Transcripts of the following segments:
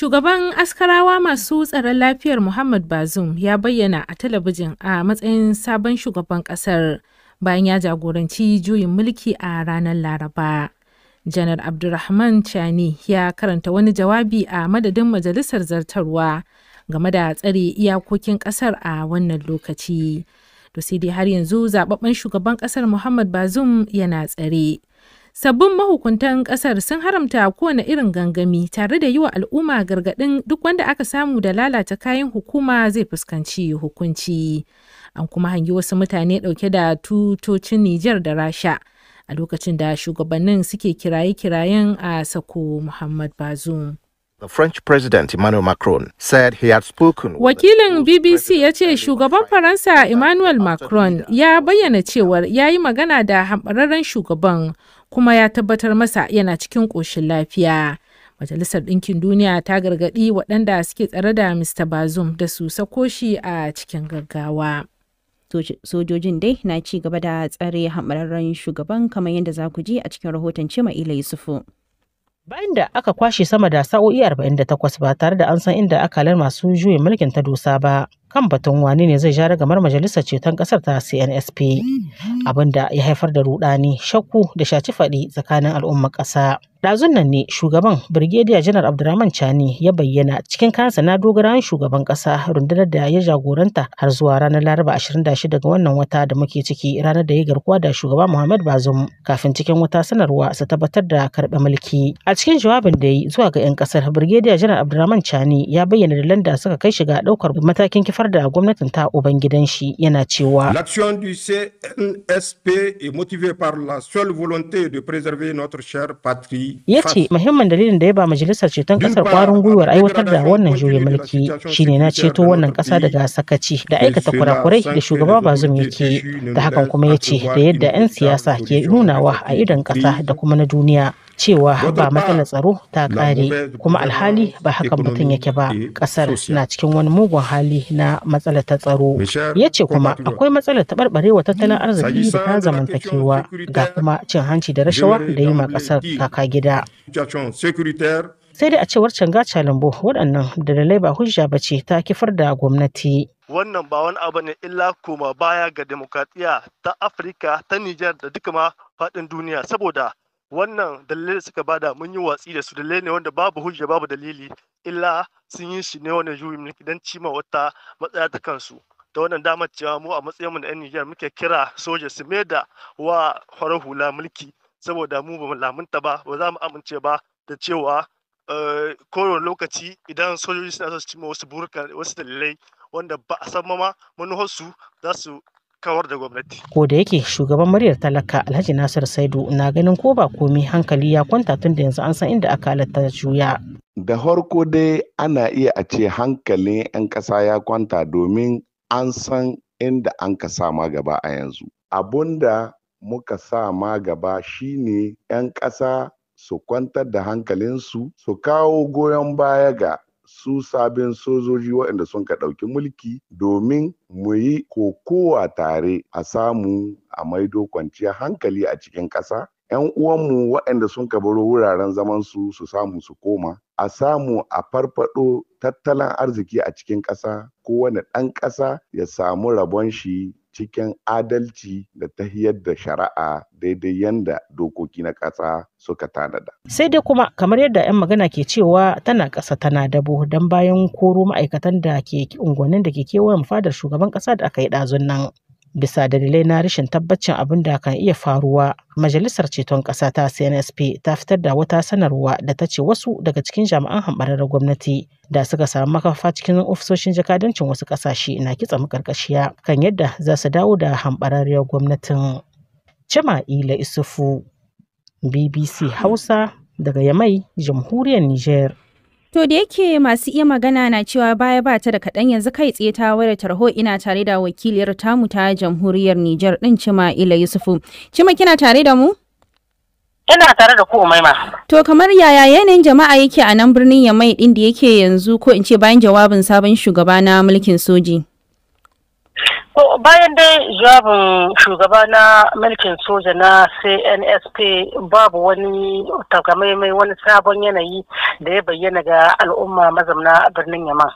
Shugaban Askarawa masu tsaron lafiyar muhammad Bazoum ya bayyana a talabijin a matsayin sabon shugaban kasar bayan ya jagoranci juyin mulki a ranar Laraba. Janar Abdulrahman Chani ya karanta wani jawabi a madadin Majalisar Zartarwa game da tsare iyakokin kasar a wannan lokaci. To sai dai har yanzu zababben shugaban kasar Muhammad Bazoum yana tsare. Sabbin mahukuntan kasar sun haramta kowane irin gangami tare da yi wa al'umma gargaɗin duk wanda aka samu da lalata kayan hukuma zai fuskanci hukunci. An kuma hangi wasu mutane ɗauke da tutocin Nijar da Rasha a lokacin da shugabannin suke kiraye-kirayen a sako Muhammad Bazoum. The French President Emmanuel Macron said he had spoken. Wakilin BBC ya ce shugaban Faransa Emmanuel Macron ya bayyana cewar ya yi magana da hambararren shugaban kuma ya tabbatar masa yana cikin ƙoshin lafiya. Majalisar Ɗinkin Duniya ta gargaɗi waɗanda suke tsare da Mr. Bazoum da su sakoshi a cikin gaggawa. Sojojin dai na ci gaba da tsare hamararren shugaban kamar yadda za ku ji a cikin rahoton cema Ila Yusufu. Bayan da aka kwashe sama da sa'o'i arba'in 48 ba tare da an san inda akalar masu juyin mulkin ta dosa ba, kan batun wani ne zai ja kamar majalisar ceton kasar ta CNSP mm-hmm. abinda ya haifar da rudani shakku da shaci faɗi tsakanin al'ummar ƙasa. dazun nan ne shugaban Birgediya Janar Abdurrahman Chani ya bayyana cikin kansa na dogarawan shugaban kasa rundunar da ya jagoranta har zuwa ranar Laraba 26 ga wannan wata da muke ciki ranar da ya garkuwa da shugaba Muhammad bazum kafin cikin wata sanarwa su tabbatar da karbe mulki. A cikin jawabin da ya yi zuwa ga 'yan ƙasar Birgediya Janar Abdurrahman Chani ya bayyana da landa suka kai shiga ɗaukar matakin kifar da gwamnatin ta ubangidan shi yana cewa. L'action du CNSP est motivée par la seule volonté de préserver notre chère patrie ya ce muhimmin dalilin da ya ba majalisar ceton kasar kwarin gwiwar aiwatar da wannan juyin mulki shine na ceto wannan kasa daga sakaci da aikata kurakurai da shugaba bazum yake da hakan kuma ya ce da yadda 'yan siyasa ke nunawa a idon kasa da eh. kuma na duniya cewa ba matsalar tsaro ta kare kuma alhali ba hakan mutum yake ba kasar na cikin wani mugun hali na matsalar ta tsaro ya ce kuma akwai matsalar taɓarɓarewa tattalin hmm. arziki da ta zamantakewa ga kuma cin hanci da rashawa da yi ma kasar kaka gida sai dai a cewar canga calambo waɗannan dalilai ba hujja ba ce ta kifar da gwamnati wannan ba wani abu ne illa koma baya ga demokradiyya ta afirka ta nijar da duka ma faɗin duniya saboda wannan dalilai da suka bada mun yi watsi da su dalilai ne wanda babu hujja babu dalili illa sun yi shi ne wannan juyi mulki don cima wata matsaya ta kansu da wannan damar cewa mu a matsayinmu na 'yan Nijar muke kira soja su mai da wa farar hula mulki saboda mu ba lamunta ba ba za mu amince ba da cewa eh, kowane lokaci idan sojoji suna so su cima wasu burka wasu dalilai wanda ba a san mama manuharsu za su kawar da gwamnati. Ko da yake shugaban muryar talaka Alhaji Nasir Saidu na ganin ko ba komi hankali ya kwanta tun da yanzu an san inda aka halatta juya. Da farko dai ana iya a ce hankalin 'yan ƙasa ya kwanta domin an san inda an ka sa ma gaba a yanzu. Abunda muka sa ma gaba shine 'yan ƙasa su kwantar da hankalinsu su kawo goyon baya ga su sabin sojoji waɗanda sun ka ɗauki mulki domin mu yi kokowa tare a samu a maido kwanciyar hankali a cikin ƙasa 'yan uwanmu waɗanda sun ka kabaro wuraren zaman su su samu su koma a samu a farfaɗo tattalin arziki a cikin ƙasa kowane ɗan ƙasa ya samu rabon shi cikin adalci da tahiyar da shari'a daidai yadda dokoki na ƙasa suka tanada. Sai dai kuma kamar yadda 'yan magana ke cewa tana ƙasa tana dabo don bayan koro ma'aikatan da ke unguwannin da ke kewayen fadar shugaban ƙasa da aka yi ɗazun nan. bisa dalilai na rashin tabbacin abin da kan iya faruwa majalisar ceton ƙasa ta cnsp ta fitar da wata sanarwa da ta ce wasu daga cikin jami'an hambararren gwamnati da suka samu makafa cikin ofisoshin jakadancin wasu ƙasashe na kitsa makarkashiya kan yadda za su dawo da hambararriyar gwamnatin ila isufu bbc hausa daga yamai jamhuriyar niger To da yake masu iya magana na cewa baya ba ta da kaɗan yanzu kai tsaye ta wayar tarho ina tare da wakiliyar tamu ta jamhuriyar Nijar ɗin Cima Ila Yusufu. Cima kina tare da mu? Ina tare da ku Umaima. To kamar yaya yanayin jama'a yake a nan birnin Yamai ɗin da yake yanzu ko in ce bayan jawabin sabon shugaba na mulkin soji? To bayan dai jawabin shugaba na mulkin soja na CNSP babu wani mai wani sabon yanayi da ya bayyana ga al'umma mazamna birnin Yaman.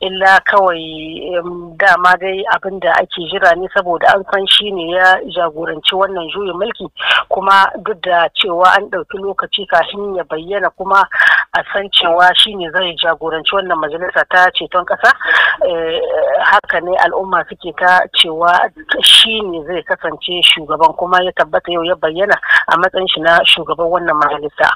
Illa kawai dama dai abinda ake jira ne saboda an san shi ne ya jagoranci wannan juyin mulki kuma duk da cewa an ɗauki lokaci kafin ya bayyana kuma a san cewa shine zai jagoranci wannan majalisa ta ceton kasa eh, haka ne al'umma suke ta cewa shi ne zai kasance shugaban kuma ya tabbata yau ya bayyana a matsayin shi na shugaban wannan majalisa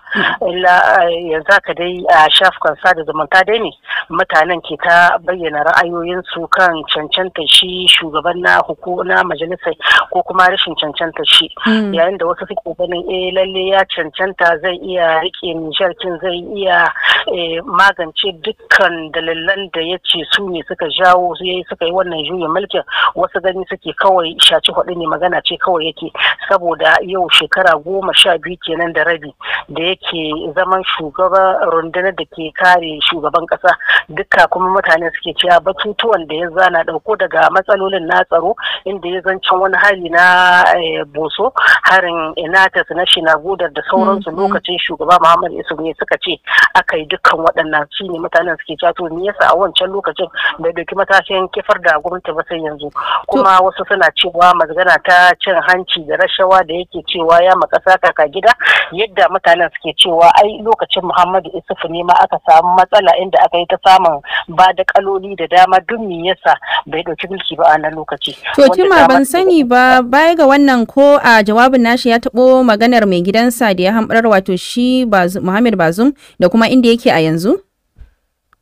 illa eh, yanzu haka dai a shafukan sada zumunta dai ne mutanen ke ta bayyana ra'ayoyin su kan cancanta shi shugaban na Majalisa majalisa ko kuma rashin cancanta shi hmm. yayin da wasu suke ganin eh lalle ya cancanta zai iya rike nijar zai iya iya eh, magance dukkan dalilan da ya ce su ne suka jawo suka yi wannan juya mulkin wasu gani suke kawai shaci hudu ne magana ce kawai yake saboda yau shekara goma sha biyu kenan da rabi da yake zaman shugaban rundunar da ke kare shugaban kasa duka kuma mutane suke cewa batutuwan da ya zana dauko daga matsalolin na tsaro inda ya zancen wani hali na eh, boso harin inatas na shi na gudar da sauransu mm, mm. lokacin shugaba Muhammadu yusuf ne suka ce aka yi dukkan waɗannan shi ne mutanen suke cato me yasa a wancan lokacin bai dauki matashin kifar da gwamnati ba sai yanzu kuma wasu suna cewa magana ta cin hanci da rashawa da yake cewa ya makasa kaka gida yadda mutanen suke cewa ai lokacin Muhammadu yusuf ne ma aka samu matsala inda aka yi ta samun ba da kaloli da dama duk me yasa bai dauki mulki ba a nan lokaci to kima ban sani ba baya ga wannan ko a jawabin jawabin nashi ya taɓo maganar mai gidansa da ya hamɓarar wato shi Muhammad Bazum da kuma inda yake a yanzu?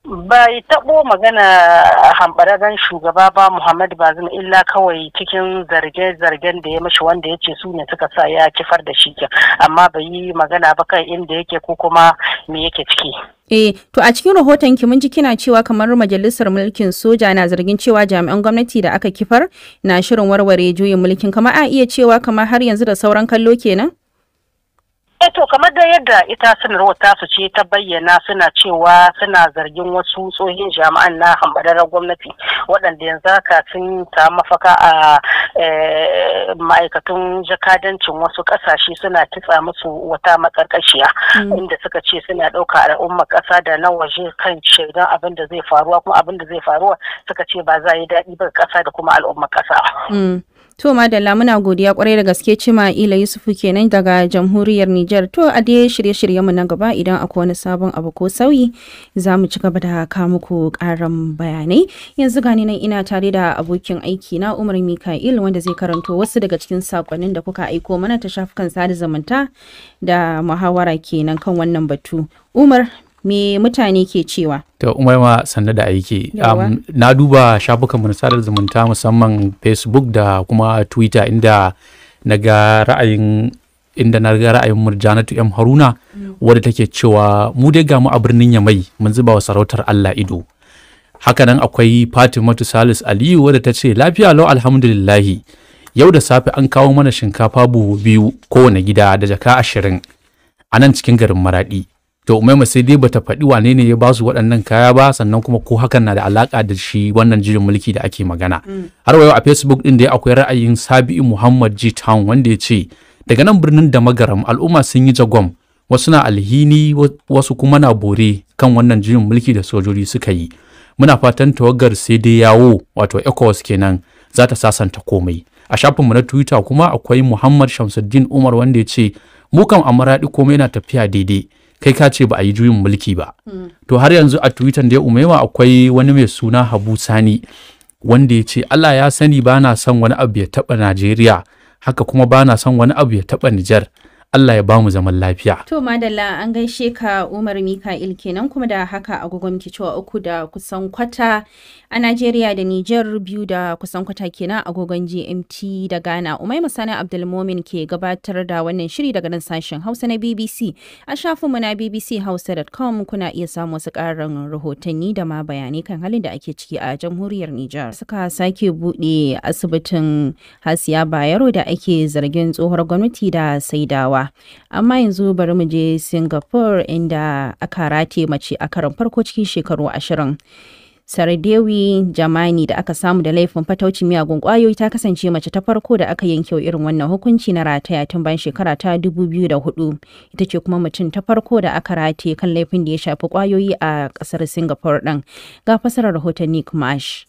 bai taɓo magana hambaragan shugaba ba muhammad bazin illa kawai cikin zarge-zargen da ya mashi wanda ya ce su ne suka sa ya kifar da shi amma bai yi magana ba kan inda yake ko kuma me yake ciki Eh, to a cikin rahoton ki mun ji kina cewa kamar majalisar mulkin soja na zargin cewa jami'an gwamnati da aka kifar na shirin warware juyin mulkin kama a iya cewa kamar har yanzu da sauran kallo kenan? eto eh, kamar da yadda ita sanarwar tasu ce ta bayyana suna cewa suna zargin wasu tsohin jami'an na hambararar gwamnati waɗanda yanzu haka sun ta mafaka a eh, ma'aikatun jakadancin wasu ƙasashe suna kitsa musu wata makarƙashiya hmm. inda suka ce suna ɗauka al'ummar ƙasa da na waje kan shaidan abin da zai faruwa kuma abin da zai faruwa suka ce ba za yi daɗi ba ƙasa da kuma al'ummar ƙasa. To madalla muna godiya kwarai da gaske cima Ila Yusufu kenan daga jamhuriyar Nijar. To a dai shirye-shirye mu na gaba idan akwai wani sabon abu ko sauyi za mu ci gaba da ka muku karan bayanai. Yanzu gani nan ina tare da abokin aiki na Umar Mika'il wanda zai karanto wasu daga cikin sakonnin da kuka aiko mana ta shafukan sada zumunta da muhawara kenan kan wannan batu. Umar me mutane ke cewa to umaima sanda da aiki um, na duba shafukan sadar zumunta musamman facebook da kuma twitter inda na ga ra'ayin inda na ga ra'ayin murjanatu m haruna mm. wadda take cewa mu dai ga mu a birnin yamai mun zuba wa sarautar allah ido hakanan akwai fatimatu salis aliyu wadda ta ce lafiya lau alhamdulillahi yau da safe an kawo mana shinkafa buhu biyu kowane gida da jaka ashirin a nan cikin garin maraɗi to umaima sai dai bata faɗi wane ne ya ba su waɗannan kaya ba sannan kuma ko hakan na da alaƙa da shi wannan jirin mulki da ake magana mm. har wayo a facebook din da ya akwai ra'ayin sabi'u muhammad g town wanda ya ce daga nan birnin da magaram al'umma sun yi jagwam wasu na alhini wasu kuma na bore kan wannan jirin mulki da sojoji suka yi muna fatan tawagar sai dai yawo wato ecowas kenan za ta sasanta komai a shafinmu na twitter kuma akwai muhammad shamsuddin umar wanda ya ce mu kam a komai na tafiya daidai kai ka ce ba a yi juyin mulki ba to har yanzu a twitter da ya umewa akwai wani mai suna habu sani wanda ya ce allah ya sani ba na son wani abu ya taɓa najeriya haka kuma ba na son wani abu ya taɓa nijar Allah ya bamu zaman lafiya. To madalla an gaishe ka Umar Mika'il kenan kuma da haka agogon cewa uku da kusan kwata a Najeriya da Nijar biyu da kusan kwata kenan agogon GMT da Ghana. Umai Musani Abdulmomin ke gabatar da wannan shiri daga nan sashen Hausa na BBC. A mu na bbchausa.com kuna iya samu wasu ƙarin rahotanni da ma bayanai kan halin da ake ciki a jamhuriyar Nijar. Suka sake buɗe asibitin Hasiya Bayero da ake zargin tsohuwar gwamnati da saidawa. yawa. Amma yanzu bari mu je Singapore inda aka rate mace a karon farko cikin shekaru ashirin. Sardewi Jamani da aka samu da laifin fataucin miyagun kwayoyi ta kasance mace ta farko da aka yanke wa irin wannan hukunci na rataya tun bayan shekara ta 2004. Ita ce kuma mutum ta farko da aka rate kan laifin da ya shafi kwayoyi a kasar Singapore ɗin. Ga fasarar rahoton Nick Marsh.